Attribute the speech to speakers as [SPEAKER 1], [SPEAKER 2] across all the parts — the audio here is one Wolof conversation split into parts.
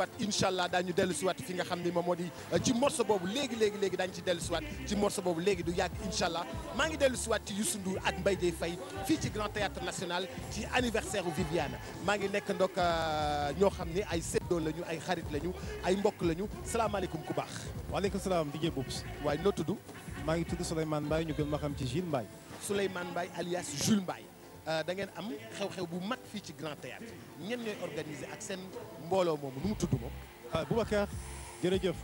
[SPEAKER 1] waat incha allah daañu dellu si waat fi nga xam ni moom moo di euh, ci morceau boobu léegi léegi léegi daañu ci dellu si waat ci morceau boobu léegi du yàgg incha allah maa ngi dellu si waat ci Youssou Ndour ak Mbaye Dieye Faye fii ci Grand Théâtre National ci anniversaire u Viviane maa ngi nekk ndok euh, ñoo xam ni ay séddoo lañu ay xarit lañu ay mbokk lañu salaamaaleykum ku baax waaleykum salaam DJ Boubs waaye noo tuddu maa ngi
[SPEAKER 2] tudd Souleymane Mbaye ñu gën ma xam ci Jules Mbaye
[SPEAKER 1] Souleymane Mbaye alias Jules Mbaye Euh, da ngeen am xew-xew bu mat fii ci Grand Théâtre ñen ñooy organiser ak seen mbooloo moomu nu mu tudd
[SPEAKER 2] moom. waaw ah, Boubacar jërëjëf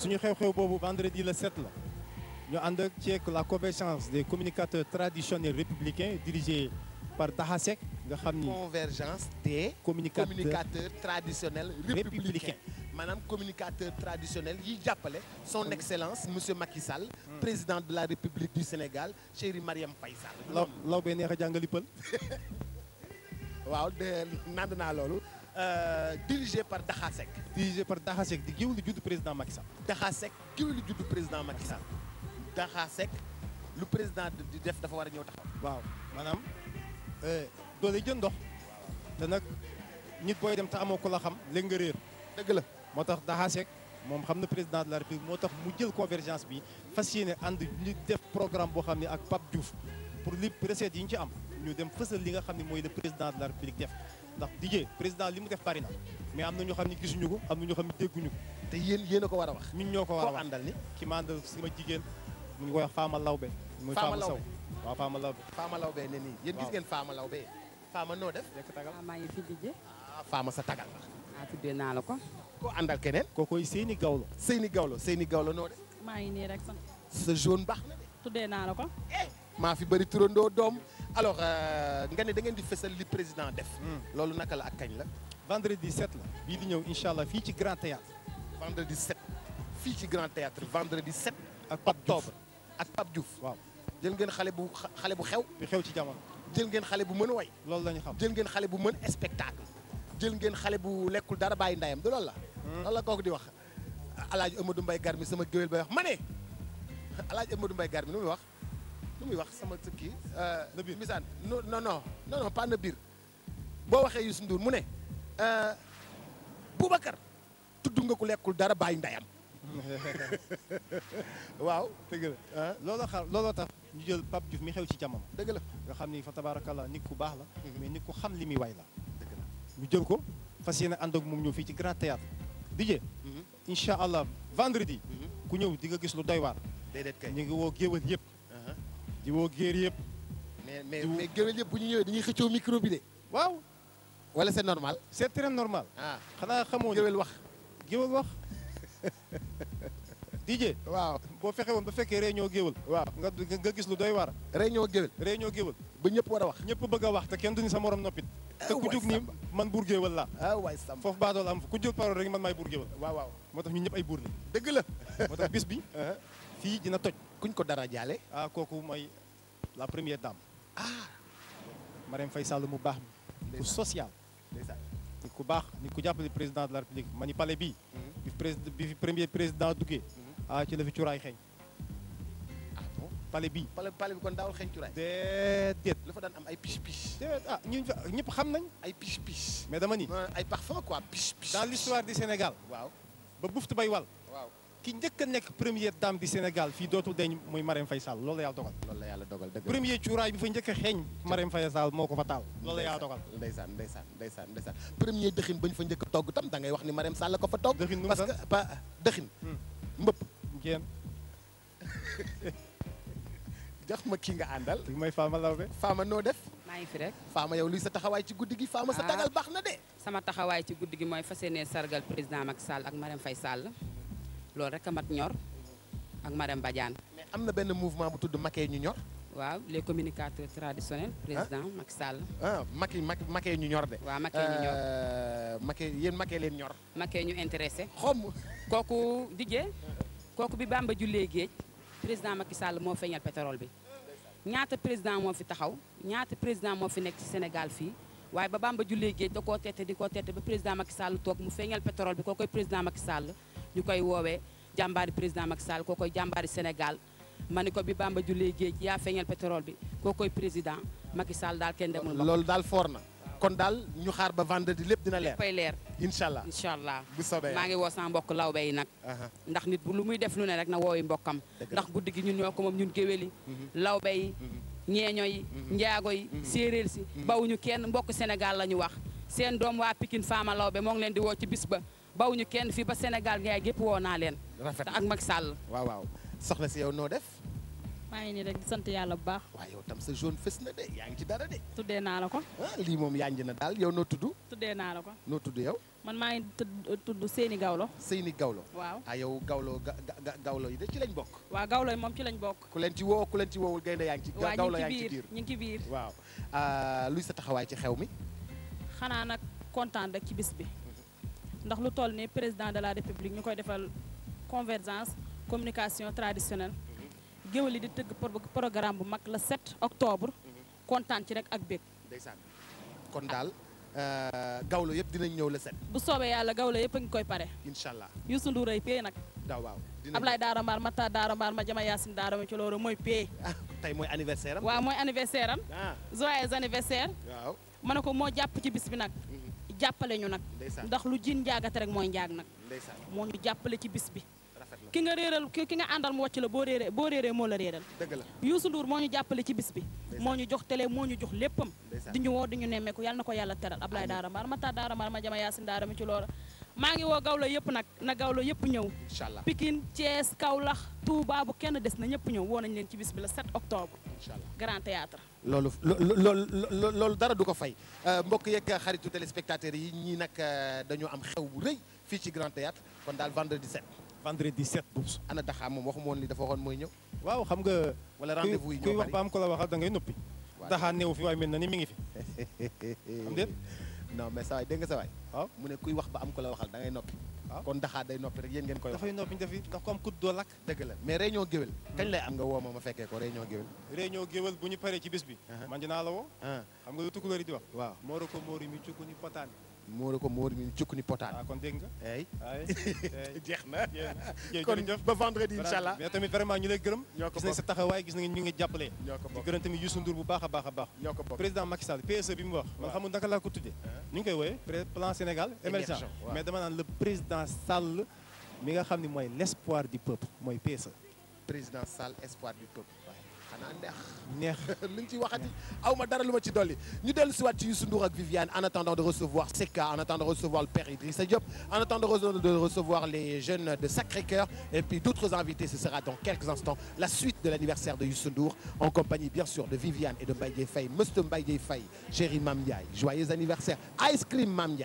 [SPEAKER 2] suñu xew-xew boobu vendredi le set la ñu ànd ak ceek la convergence des communicateurs traditionnels républicains dirigés par Daha nga xam ni. convergence des. communicateurs communicateurs
[SPEAKER 1] traditionnels républicains. maanaam communicateur traditionnel yiy jàppale son excellence monsieur Macky Sall hmm. président de la République du Sénégal chérie Mariam Faye Sall law
[SPEAKER 2] law bee neex a jàngali pël
[SPEAKER 1] waaw de nand naa loolu euh, dirigé par Daxa Seck dirigé par Daxa Seck di giw lu judd président Macky Sall Daxa Seck giw président Macky Sall
[SPEAKER 2] Daxa lu président di def dafa war a ñëw taxaw waaw maanaam euh, doole jën ndox te nag nit booy dem te amoo ko la xam léegi nga réer dëgg la moo tax Daha Seck moom xam na président de la république moo tax mu jël convergence bi fas yéene ànd ñu def programme boo xam ne ak Pape Diouf pour li recettes yi ñu ci am ñu dem fësal li nga xam ne mooy le président de la république def ndax dijee président li mu def bari mais am na ñoo xam ne gisuñu ko am na ñoo xam ne dégguñu ko te yéen yéen ko war a wax ñun ñoo ko war a wax àndal ni ma sama jigéen mu ngi koy wax Fama Lawbe muy Fama Saw waaw Fama Lawbe Fama Lawbe ne nii yéen gis ngeen
[SPEAKER 1] Fama Lawbe Fama noo def maa ngi fi dijee ah, Fama sa tagal la ah, tuddee naa la ko ko àndal keneen kookoy Seyni Gawlo Seyni Gawlo seeni Gawlo noo de
[SPEAKER 3] maa ngi nii rek sant
[SPEAKER 1] sa jaune baax na de
[SPEAKER 3] tuddee naa la ko eh,
[SPEAKER 1] maa fi bëri turandoo doom alors euh, nga ne da ngeen di fësal li président def hmm. loolu naka la ak kañ la vendredi 7 la bii di ñëw incha allah fii ci grand théâtre vendredi 7 fii ci grand théâtre vendredi 7 ak octobre ak Pape Diouf waaw jël ngeen xale bu xale bu xew xew ci jamono jël ngeen xale bu mën way loolu la xam jël ngeen xale bu mën spectacle jël ngeen xale bu lekkul dara bàyyi ndayam du loolu la lan la kooku di wax alaaji Amadou Mbaye Garmi sama géwél bay wax ma ne alaaji Amadou mbay Garmi nu muy wax nu muy wax sama kii euh, Nabir misaan non non non boo waxee Youssou Ndour mu ne euh, Boubacar
[SPEAKER 2] tudd nga ku lekkul dara bàyyi ndeyam waaw dëgg la ah, looloo xar looloo tax ñu jël Pape Diouf mi xew ci jamono dëgg la nga xam ni fa tabaarakalla nit ku baax la mhm. mais nit ku xam li muy way la mu jël ko fas yéene ànd ak moom ñëw fii ci Grand Théâtre Dijé. Mhm. incha allah vendredi. Mhm. ku ñëw di nga gis lu doy waar. déedéet ñu ngi woo géwél yëpp. Uh-huh. di woo géer yëpp. mais mais mais géwél yëpp bu ñu ñëwee dañuy xëccoo micro bi de. waaw. wala c'est normal. c'est très normal. Ah. xanaa xamoo géwél wax. géwél wax. Dijé. waaw boo fexe woon ba fekkee réunion géwél. waaw nga nga gis lu doy waar. réunion géwél. réunion géwél. ba ñëpp war a wax. ñëpp bëgg wax te kenn duñu sa morom noppit te ku jóg nii man buur géwël ah, la waay sam foofu baadool am fa ku jël parole rek man maay buur waaw waaw moo tax ñun ñëpp ay buur la dëgg la moo tax bis bi uh-huh. fii dina toj kuñ ko dara jaale ah, kooku mooy la première dame ah Marème Faye Sall mu baax mi ku social nit ku baax nit ku jàppale président de la république ma ni palais bii mm-hmm. bi fi premier président duggee mm-hmm. ah ci la fi cuuraay xeeñ pale bi pale pale bi kon daaw xeeñ cuuraay daan am ay pis pis déedéet ah, ñëpp xam nañ ay pis mais dama ni ay parfum quoi pis pis dans Sénégal waaw ba buftu bay wal waaw ki njëkk nekk première dame du Sénégal fii dootul deñ muy Marème Faye Sall loolu la yàlla dogal loolu la yàlla dogal dëgg premier cuuraay bi fa njëkk a xeeñ Marème Faye Sall moo ko fa taal loolu la yàlla dogal ndeysaan ndeysaan ndeysaan ndeysaan premier dëxin bañ fa njëkk a togg tam da ngay wax ni Marème Sall
[SPEAKER 1] ko fa togg parce que dëxin hmm. mbëpp jox ma ki nga àndal. mooy Fama Lawbe. Fama noo def. maa ngi fi rek. Fama yow luy sa taxawaay ci guddi gi Fama sa ah, tagal
[SPEAKER 3] baax na de. sama taxawaay ci guddi gi mooy fas yéene sargal président Macky Sall ak Marème Faye Sall loolu rek a mat ñor ak Marème Badiane. am na benn mouvement bu tudd Macky ñu ñor. waaw les communicateurs traditionnels. président ah. Macky Sall.
[SPEAKER 1] ah Macky Macky Macky ñu ñor de. waaw Macky ñu ñor. Euh, yéen Macky leen ñor.
[SPEAKER 3] Macky ñu intéressé. xom kooku diggee. kooku bi Bamba jullee géej président Macky Sall moo feeñal pétrole bi. ñaata président moo fi taxaw ñaata président moo fi nekk si Sénégal fii waaye ba Bamba jullee géej da koo tette di ko tette ba président Macky Sall toog mu feeñal pétrole bi koo koy président Macky Sall ñu koy woowee jàmbaari président Macky Sall koo koy jàmbaari Sénégal ma ni ko bi Bamba jullee géej yaa feeñal pétrole bi koo koy président Macky Sall daal kenn demul loolu daal foor na kon daal ñu xaar ba vendredi lépp dina leer léppay leer incha allah incha allah bu soobee maa ngi woo sama mbokk lawbe yi nag ndax nit lu muy def lu ne rek na woowi mbokkam ndax guddi gi ñun ñoo ko moom ñun géwél yi mhm. lawbe yi mhm. ñeeño yi mhm. njaago yi séeréer si bawuñu kenn mbokk Sénégal la ñu wax seen doom waa Pikine Fama Lawbe moo ngi leen di woo ci bis ba bawuñu kenn fii ba Sénégal ngay gépp woo naa leen rafet ak mag Sall waaw waaw
[SPEAKER 1] soxna si yow noo def
[SPEAKER 3] maa ngi nii rek di sant yàlla bu baax. waaw yow tam sa jaune fës na de yaa ngi ci dara de. tuddee naa la ko. Ah,
[SPEAKER 1] lii moom yànji na daal yow noo tudd.
[SPEAKER 3] tuddee naa la ko. noo tudd yow. man maa ngi tudd
[SPEAKER 1] seeni Gawlo. Seyni Gawlo. waaw a ah, yow Gawlo ga ga yi de ci lañ bokk. waa Gawlo yi moom ci lañ bokk. ku leen ci woo ku leen ci woowul gaynde yaa ngi ci. Gawlo yaa ngi biir ngi ci biir. waaw ah, luy sa taxawaay ci xew mi.
[SPEAKER 3] xanaa nag kontaan rek ci bis bi. ndax lu toll ni président de la république ñu koy defal convergence communication traditionnelle géwél yi di tëgg programme bu mag la 7 octobre kontaan ci rek ak bég ndeysaan
[SPEAKER 1] kon daal euh, gawlo yëpp dinañ ñëw la 7
[SPEAKER 3] bu soobee yàlla gawlo yëpp a ngi koy pare incha allah Youssou Ndour ay pee nag daaw waaw Ablaye Daara Mbaar Mata Daara Mbaar ma jama Yacine Daara ma ci loolu mooy pee ah,
[SPEAKER 1] tey mooy anniversaire am waaw
[SPEAKER 3] mooy anniversaire am ah. joyeux anniversaire waaw ne ko moo jàpp ci bis bi nag mhm. jàppale ñu nag ndax lu jin njaagate rek mooy njaag nag moo ñu jàppale ci bis bi ki nga réeral ki nga àndal mu wàcc la boo réeree boo moo la réeral Youssou Ndour moo ñu jàppale ci bis bi moo ñu jox télé moo ñu jox léppam di ñu woo di ñu nemmeeku yàlla na ko yàlla teral Ablaye daara mbaar ma taa daara mbaar ma jama yaasin daara mi ci loola maa ngi woo gawlo yëpp nag na gawlo yëpp ñëw inchallah Pikine Thiès Kaolack Touba kenn des na ñëpp ñëw woo nañ leen ci bis bi la 7 octobre inchallah Grand Théâtre
[SPEAKER 1] loolu loolu loolu dara du ko fay euh, mbokk yeeg xaritu téléspectateurs yi ñii nag euh, dañoo am xew bu rëy fii ci Grand Théâtre kon daal vendredi 7 vendredi 7 bourse ana daxaa moom waxu woon li dafa waxoon mooy ñëw
[SPEAKER 2] waaw xam nga wala wax ba am ko la waxal da ngay noppi daxaa néew fi waaye mel na ni mi ngi fi sa waay sa waay waaw mu ne wax ba am ko la waxal da ngay noppi waaw kon daxaa day noppi rek yéen ngeen koy wax dafay noppi ñu def ndax ko am kut doo lakk dëgg la mais
[SPEAKER 1] réunion géwél hmm. kañ lay am
[SPEAKER 2] nga woo ma ma ko réunion géwél réunion géwél bu ñu paree ci bis bi uh-huh. man dinaa la woo uh-huh. xam nga lu tukulóor yi di wax waaw mooro ko moori mi ni potaani moore ko moore min cukkni potaan ah, kon dégg nga eyi na kon ba vendredi incha mais tamit vraiment ñu lay gërëm gis nañ sa taxawaay gis nañ ñu ngi jàppale di gërëm tamit Youssou Ndour bu baax a baax a baax président Macky Sall PSE bi mu wax man xamul naka laa ko tuddee ñu koy wooye plan Sénégal émergent mais dama naan président Sall mi nga xam ni mooy l' espoir du peuple mooy PSE président Sall
[SPEAKER 1] espoir du peuple xanaa neex.
[SPEAKER 2] neex luñ ci waxati aw ma dara lu ma ci ñu dellu
[SPEAKER 1] si waat ci Youssou Ndour ak Viviane en attendant de recevoir Seka en attendant de recevoir le père Idrissa Diop en attendant de recevoir les jeunes de Sacré-Cœur et puis d'autres invités ce sera dans quelques instants la suite de l'anniversaire de Youssou en compagnie bien sûr de Viviane et de Mbaye Dieye Faye Monsieur Mbaye Dieye anniversaire ice cream Mame